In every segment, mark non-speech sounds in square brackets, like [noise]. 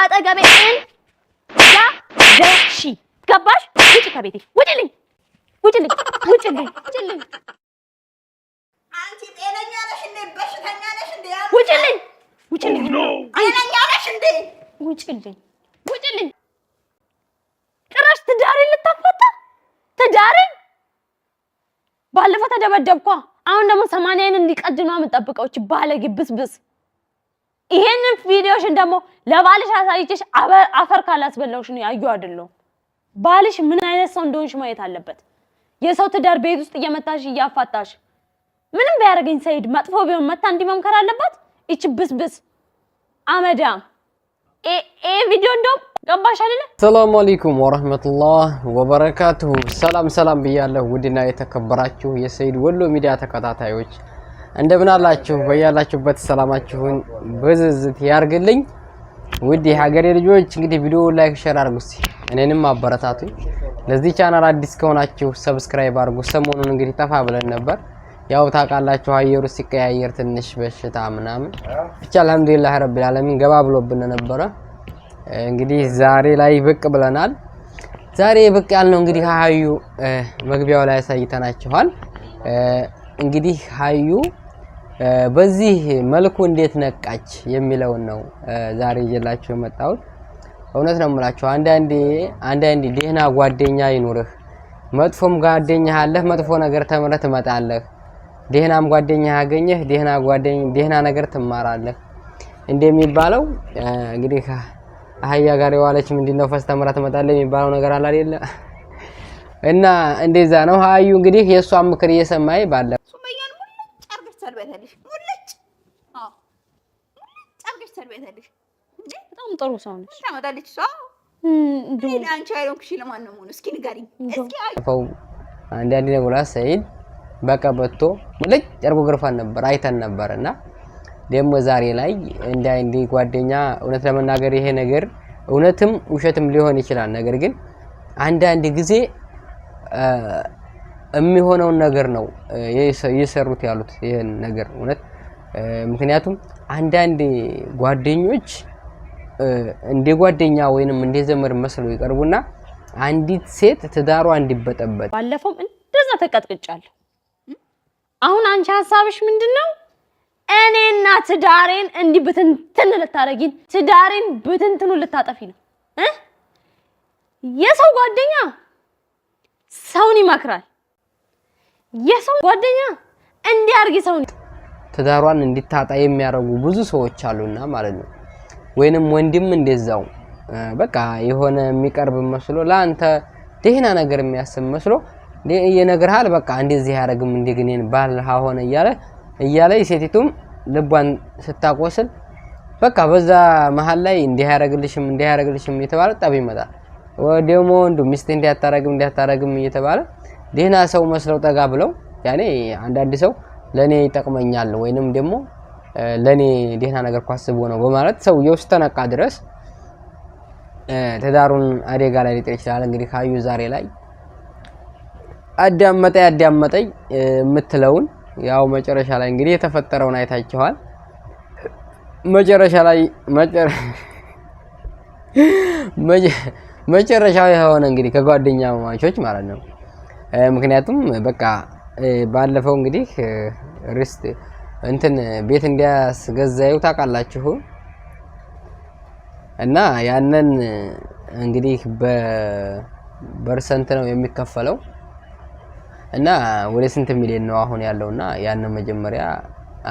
አጠገቤ እንዳትደርሺ ገባሽ? ውጪ ከቤቴ ውጪልኝ፣ ውጪልኝ፣ ውጪልኝ፣ ውጪልኝ፣ ውጪልኝ፣ ውጪልኝ። ጭራሽ ትዳሬን ልታፈታ ትዳሬን ባለፈው ተደበደብኳ። አሁን ደግሞ ሰማንያዬን እንዲቀድኗ የምጠብቀው ባለጌ ብስብስ ይሄንን ቪዲዮሽን ደግሞ ለባልሽ አሳይቼሽ አፈር ካላስበላሁሽ ነው ያዩ አይደለሁ። ባልሽ ምን አይነት ሰው እንደሆንሽ ማየት አለበት። የሰው ትዳር ቤት ውስጥ እየመታሽ እያፋታሽ፣ ምንም ቢያደርገኝ ሰይድ መጥፎ ቢሆን መታ እንዲመምከር አለባት። ይች ብስብስ አመዳም ይሄ ቪዲዮ እንደውም ገባሽ አይደለ? ሰላሙ አለይኩም ወረህመቱላህ ወበረካቱሁ። ሰላም ሰላም ብያለሁ። ውድና የተከበራችሁ የሰይድ ወሎ ሚዲያ ተከታታዮች እንደምን አላችሁ? በያላችሁበት ሰላማችሁን ብዝዝት ያርግልኝ። ውድ የሀገሬ ልጆች እንግዲህ ቪዲዮ ላይክ፣ ሼር አድርጉ እኔንም አበረታቱኝ። ለዚህ ቻናል አዲስ ከሆናችሁ ሰብስክራይብ አድርጉ። ሰሞኑን እንግዲህ ጠፋ ብለን ነበር። ያው ታውቃላችሁ አየሩ ሲቀያየር ትንሽ በሽታ ምናምን ብቻ አልሐምዱሊላህ ረቢል ዓለሚን ገባ ብሎብን ነበረ። እንግዲህ ዛሬ ላይ ብቅ ብለናል። ዛሬ ብቅ ያልነው እንግዲህ ሀዩ መግቢያው ላይ አሳይተናችኋል። እንግዲህ ሀዩ በዚህ መልኩ እንዴት ነቃች የሚለውን ነው ዛሬ ይዤላችሁ የመጣሁት። እውነት ነው የምላችሁ። አንዳንዴ አንዳንዴ ደህና ጓደኛ ይኑርህ፣ መጥፎም ጓደኛ አለህ፣ መጥፎ ነገር ተምረህ ትመጣለህ። ደህናም ጓደኛ ያገኘህ፣ ደህና ጓደኛ ደህና ነገር ትማራለህ እንደሚባለው እንግዲህ አህያ ጋር የዋለች ምንድነው ፈስ ተምራ ትመጣለህ የሚባለው ነገር አለ አይደለ? እና እንደዛ ነው። ሀዩ እንግዲህ የእሷን ምክር እየሰማይ ባለ በጣም ጥሩ ሰው ነች። ታመጣለች እሷ አንቺ አይሮንክሽ ለማን ነው እስኪ ንገሪኝ። አንዳንድ ነጉላ ሰይድ በቀበቶ ልጅ ጨርጎ ግርፋን ነበር አይተን ነበር። እና ደግሞ ዛሬ ላይ እንዲ ጓደኛ እውነት ለመናገር ይሄ ነገር እውነትም ውሸትም ሊሆን ይችላል። ነገር ግን አንዳንድ ጊዜ የሚሆነውን ነገር ነው እየሰሩት ያሉት ይህን ነገር እውነት። ምክንያቱም አንዳንድ ጓደኞች እንደ ጓደኛ ወይንም እንደ ዘመድ መስለው ይቀርቡና አንዲት ሴት ትዳሯ እንዲበጠበጥ ባለፈውም እንደዛ ተቀጥቅጫለሁ። አሁን አንቺ ሀሳብሽ ምንድን ነው? እኔና ትዳሬን እንዲህ ብትንትን ልታረጊን፣ ትዳሬን ብትንትኑ ልታጠፊ ነው። የሰው ጓደኛ ሰውን ይመክራል። የሰው ጓደኛ እንዲያርግ ሰውን ትዳሯን እንዲታጣ የሚያደርጉ ብዙ ሰዎች አሉና ማለት ነው። ወይንም ወንድም እንደዛው በቃ የሆነ የሚቀርብ መስሎ ለአንተ ደህና ነገር የሚያስብ መስሎ ይነግርሃል። በቃ እንደዚህ ያደርግም እንደግኔን ባል ሆነ እያለ እያለ ሴቲቱም ልቧን ስታቆስል በቃ በዛ መሀል ላይ እንዲህ ያደርግልሽም እንዲህ ያደርግልሽም የተባለ ጠብ ይመጣል። ደግሞ ወንዱ ሚስት እንዲያታረግም እንዲያታረግም እየተባለ ደህና ሰው መስለው ጠጋ ብለው ያኔ አንዳንድ ሰው ለኔ ይጠቅመኛል ወይንም ደግሞ ለኔ ደህና ነገር ኳስቦ ነው በማለት ሰውየው ስተነቃ ድረስ ትዳሩን አደጋ ላይ ሊጥል ይችላል። እንግዲህ ካዩ ዛሬ ላይ አዳመጠኝ አዳመጠኝ የምትለውን ያው መጨረሻ ላይ እንግዲህ የተፈጠረውን አይታችኋል። መጨረሻ ላይ [laughs] መጨረሻው የሆነ እንግዲህ ከጓደኛ ማቾች ማለት ነው። ምክንያቱም በቃ ባለፈው እንግዲህ ርስት እንትን ቤት እንዲያስገዛዩ ታውቃላችሁ። እና ያንን እንግዲህ በፐርሰንት ነው የሚከፈለው እና ወደ ስንት ሚሊዮን ነው አሁን ያለውና ያንን መጀመሪያ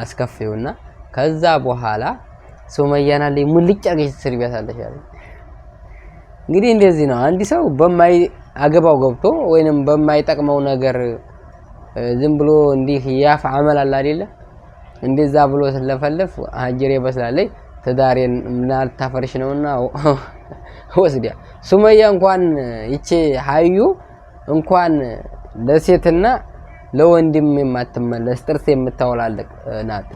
አስከፍዩና ከዛ በኋላ ሱመያና ላይ ሙልጭ አርገሽ ትስርቢያታለሽ አለኝ። እንግዲህ እንደዚህ ነው። አንድ ሰው በማይ አገባው ገብቶ ወይንም በማይጠቅመው ነገር ዝም ብሎ እንዲህ ያፍ አመል አለ አይደለ? እንደዛ ብሎ ስለፈለፍ ሀጅሬ በስላለይ ትዳሬን ታፈርሽ ነውና [laughs] ወስዲያ ሱመያ እንኳን ይቼ ሀዩ እንኳን ለሴትና ለወንድም የማትመለስ ጥርስ የምታወላልቅ ናት።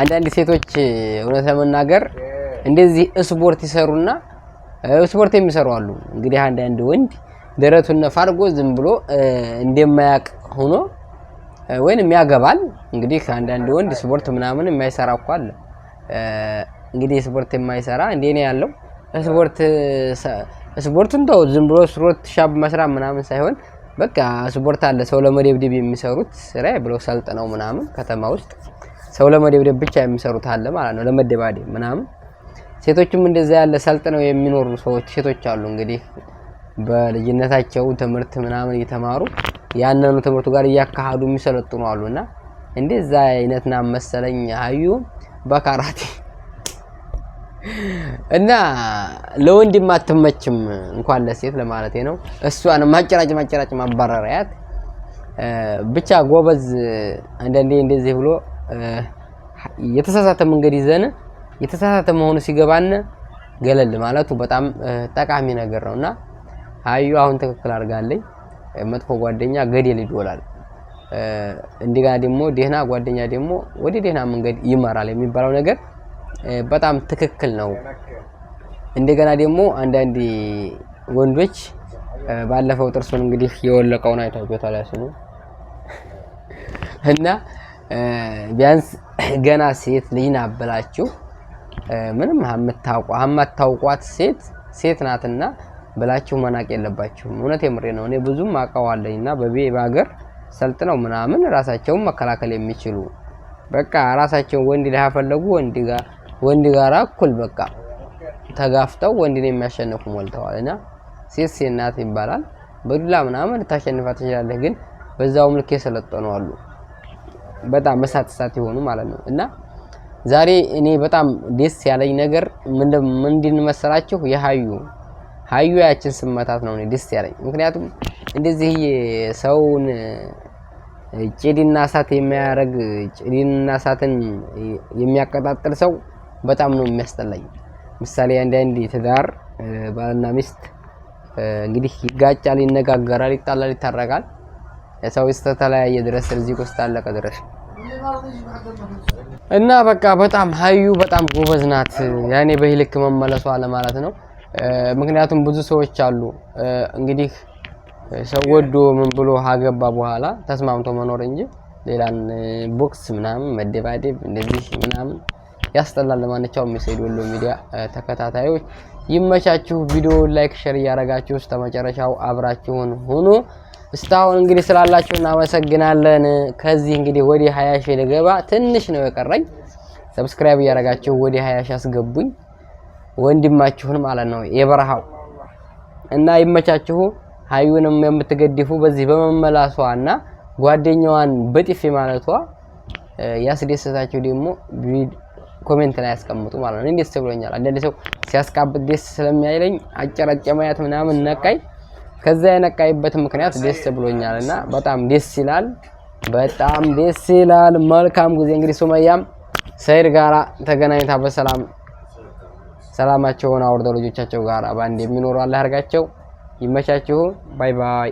አንዳንድ ሴቶች እውነት ለመናገር እንደዚህ ስፖርት ይሰሩና ስፖርት የሚሰሩ አሉ። እንግዲህ አንዳንድ ወንድ ደረቱን ነፋ አድርጎ ዝም ብሎ እንደማያቅ ሆኖ ወይንም ያገባል። እንግዲህ አንዳንድ ወንድ ስፖርት ምናምን የማይሰራ እኮ አለ። እንግዲህ ስፖርት የማይሰራ እንደኔ ያለው ስፖርት ስፖርቱን ተው፣ ዝም ብሎ ስፖርት ሻብ መስራት ምናምን ሳይሆን በቃ ስፖርት አለ። ሰው ለመደብደብ የሚሰሩት ስራ ብለው ሰልጥነው ምናምን ከተማ ውስጥ ሰው ለመደብደብ ብቻ የሚሰሩት አለ ማለት ነው፣ ለመደባደብ ምናምን ሴቶችም እንደዛ ያለ ሰልጥነው የሚኖሩ ሰዎች ሴቶች አሉ። እንግዲህ በልጅነታቸው ትምህርት ምናምን እየተማሩ ያንኑ ትምህርቱ ጋር እያካሃዱ የሚሰለጥኑ አሉና እንደዛ አይነትና መሰለኝ አዩ በካራቴ እና ለወንድም አትመችም እንኳን ለሴት ለማለቴ ነው። እሷን ማጨራጭ ማጨራጭ ማባረሪያት ብቻ ጎበዝ። አንዳንዴ እንደዚህ ብሎ የተሳሳተ መንገድ ይዘን የተሳሳተ መሆኑ ሲገባን ገለል ማለቱ በጣም ጠቃሚ ነገር ነው እና አዩ አሁን ትክክል አድርጋለኝ። መጥፎ ጓደኛ ገደል ይዶላል፣ እንደገና ደግሞ ደህና ጓደኛ ደግሞ ወደ ደህና መንገድ ይመራል የሚባለው ነገር በጣም ትክክል ነው። እንደገና ደግሞ አንዳንድ ወንዶች ባለፈው ጥርሱን እንግዲህ የወለቀውን አይታችኋል ያስኑ እና ቢያንስ ገና ሴት ልጅ ናት ብላችሁ ምንም የማታውቋት ሴት ሴት ናትና ብላችሁ መናቅ የለባችሁም። እውነት የምሬ ነው። እኔ ብዙም አውቀዋለኝ እና በቤብ ሀገር ሰልጥነው ምናምን ራሳቸውን መከላከል የሚችሉ በቃ ራሳቸውን ወንድ ላያፈለጉ ወንድ ጋራ እኩል በቃ ተጋፍተው ወንድን የሚያሸንፉ ሞልተዋል። እና ሴት ሴት ናት ይባላል። በዱላ ምናምን ልታሸንፋ ትችላለህ፣ ግን በዛውም ልክ የሰለጠኑ አሉ። በጣም እሳት እሳት የሆኑ ማለት ነው እና ዛሬ እኔ በጣም ደስ ያለኝ ነገር ምንድን መሰላችሁ? የሀዩ ሀዩ ያችን ስመታት ነው እኔ ደስ ያለኝ። ምክንያቱም እንደዚህ ሰውን ጭድና እሳት የሚያደርግ ጭድና እሳትን የሚያቀጣጥል ሰው በጣም ነው የሚያስጠላኝ። ምሳሌ አንዳንድ ትዳር ባልና ሚስት እንግዲህ ይጋጫል፣ ይነጋገራል፣ ይጣላል፣ ይታረቃል ሰው እስከተለያየ ድረስ ርዚቅ ውስጥ አለቀ ድረስ እና በቃ በጣም ሀዩ በጣም ጎበዝ ናት። ያኔ በህልክ መመለሱ አለ ማለት ነው። ምክንያቱም ብዙ ሰዎች አሉ እንግዲህ ሰው ወዶ ምን ብሎ ሀገባ በኋላ ተስማምቶ መኖር እንጂ ሌላን ቦክስ ምናምን መደባደብ እንደዚህ ምናምን ያስጠላል። ለማንኛውም የሰይድ ወሎ ሚዲያ ተከታታዮች ይመቻችሁ። ቪዲዮ ላይክ፣ ሼር እያረጋችሁ እስከ መጨረሻው አብራችሁን ሁኑ። እስካሁን እንግዲህ ስላላችሁ እናመሰግናለን። ከዚህ እንግዲህ ወደ 20 ሺህ ልገባ ትንሽ ነው የቀረኝ። ሰብስክራይብ እያደረጋችሁ ወደ 20 ሺህ አስገቡኝ፣ ወንድማችሁን ማለት ነው የበረሃው እና ይመቻችሁ። ሀዩንም የምትገድፉ በዚህ በመመላሷ እና ጓደኛዋን በጥፊ ማለቷ ያስደሰታችሁ ደግሞ ኮሜንት ላይ ያስቀምጡ ማለት ነው። እንዴት ደስ ብሎኛል። አንዳንድ ሰው ሲያስቃብጥ ደስ ስለሚያይለኝ አጨራጨ ማየት ምናምን ነቃኝ። ከዛ የነቃይበት ምክንያት ደስ ብሎኛል እና በጣም ደስ ይላል። በጣም ደስ ይላል። መልካም ጊዜ እንግዲህ ሱመያም ሰይድ ጋራ ተገናኝታ በሰላም ሰላማቸውን አውርደው ልጆቻቸው ጋር በአንድ የሚኖሩ አለ አድርጋቸው። ይመቻችሁ። ባይ ባይ።